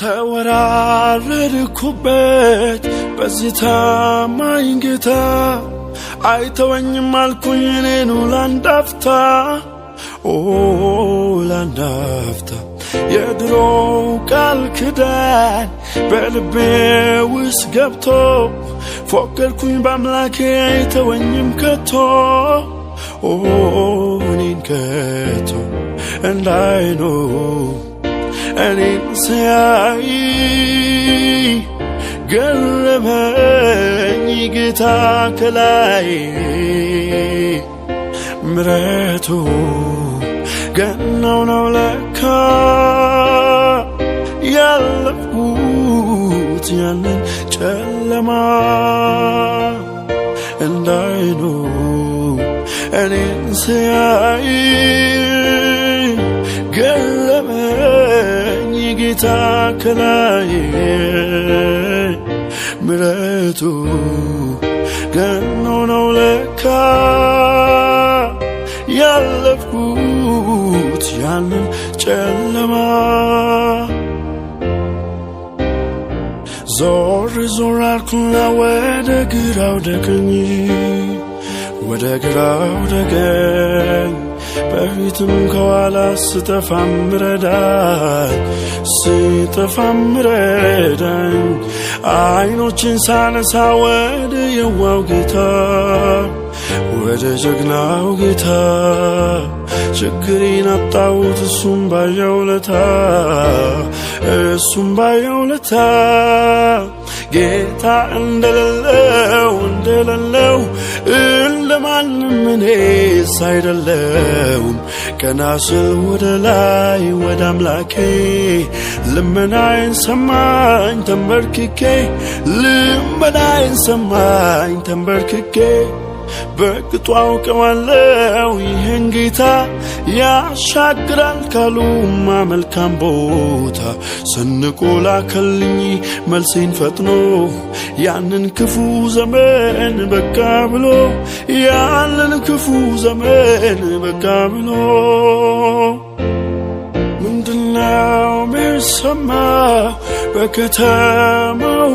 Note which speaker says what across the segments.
Speaker 1: ተወራረድኩበት በዚህ ታማኝ ጌታ አይተወኝም አልኩኝ እኔኑ ላንዳፍታ ኦ ላንዳፍታ የድሮው ቃል ክዳን በልቤ ውስጥ ገብቶ ፎከርኩኝ በአምላኬ አይተወኝም ከቶ ኦ እኔን ከቶ እንዳይኖ እኔን ሲያይ ገረመኝ ጌታ ከላይ ምረቱ ገናው ነው ለካ ያለፍኩት ያንን ጨለማ እንዳይኑ እኔን ሲያይ ገረመኝ ጌታ ከላይ ምረቱ ገኖ ነው ለካ ያለፍኩት ያንን ጨለማ ዞር ዞር አልኩና ወደ ግራው ደገኝ ወደ ግራ ወደ በፊትም ከኋላ ስጠፋም ረዳኝ ረዳኝ አይኖችን ሳነሳ ወደ የዋው ጌታ ወደ ጀግናው ጌታ ችግሬን አጣሁት እሱም ባየውለታ እሱም ባየውለታ ጌታ እንደለለው እንደለለው እንደማንም እኔ ጌስ አይደለውም። ቀና ስል ወደ ላይ ወደ አምላኬ ልመናዬን ሰማኝ ተንበርክኬ ልመናዬን ሰማኝ ተንበርክኬ በቅጡ አውቀዋለው ይህን ጌታ ያሻግራል ካሉማ መልካም ቦታ ሰንቆ ላከልኝ መልሴን ፈጥኖ ያንን ክፉ ዘመን በቃ ብሎ ያንን ክፉ ዘመን በቃ ብሎ ምንድነው ሚሰማ በከተማው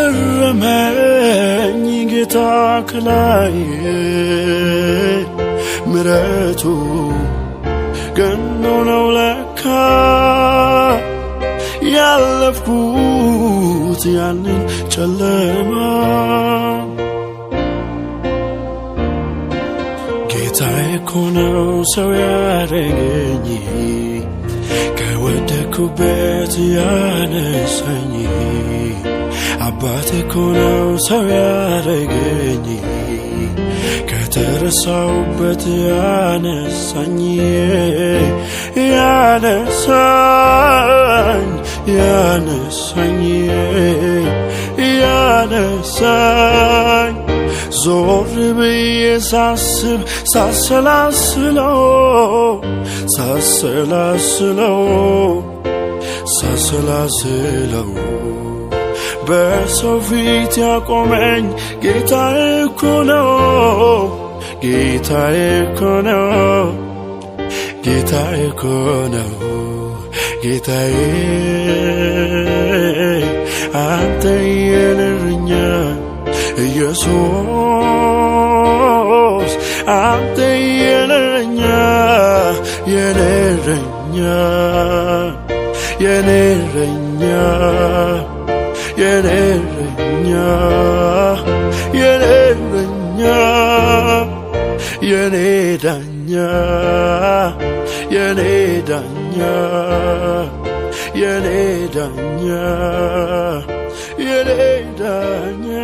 Speaker 1: ገረመኝ ጌታ ከላይ ምረቱ ገኖ ነው ለካ ያለፍኩት ያንን ጨለማ ጌታዬ እኮ ነው ሰው ያረገኝ ከወደኩበት ያነሰኝ አባት እኮ ነው ሰው ያረገኝ ከተረሳውበት ያነሳኝ ያነሳኝ ያነሳኝ ያነሳኝ ዞር ብዬ ሳስብ ሳሰላስለው ሳሰላስለው ሳሰላስለው በሰው ፊት ያቆመኝ ጌታ እኮ ነው ጌታ እኮ ነው ጌታ እኮ ነው ጌታዬ አንተ የንርኛ ኢየሱስ አንተ የእረኛ የኔ እረኛ የኔ እረኛ የኔ እረኛ የኔ ዳኛ የኔ ዳኛ የኔ ዳኛ የኔ ዳኛ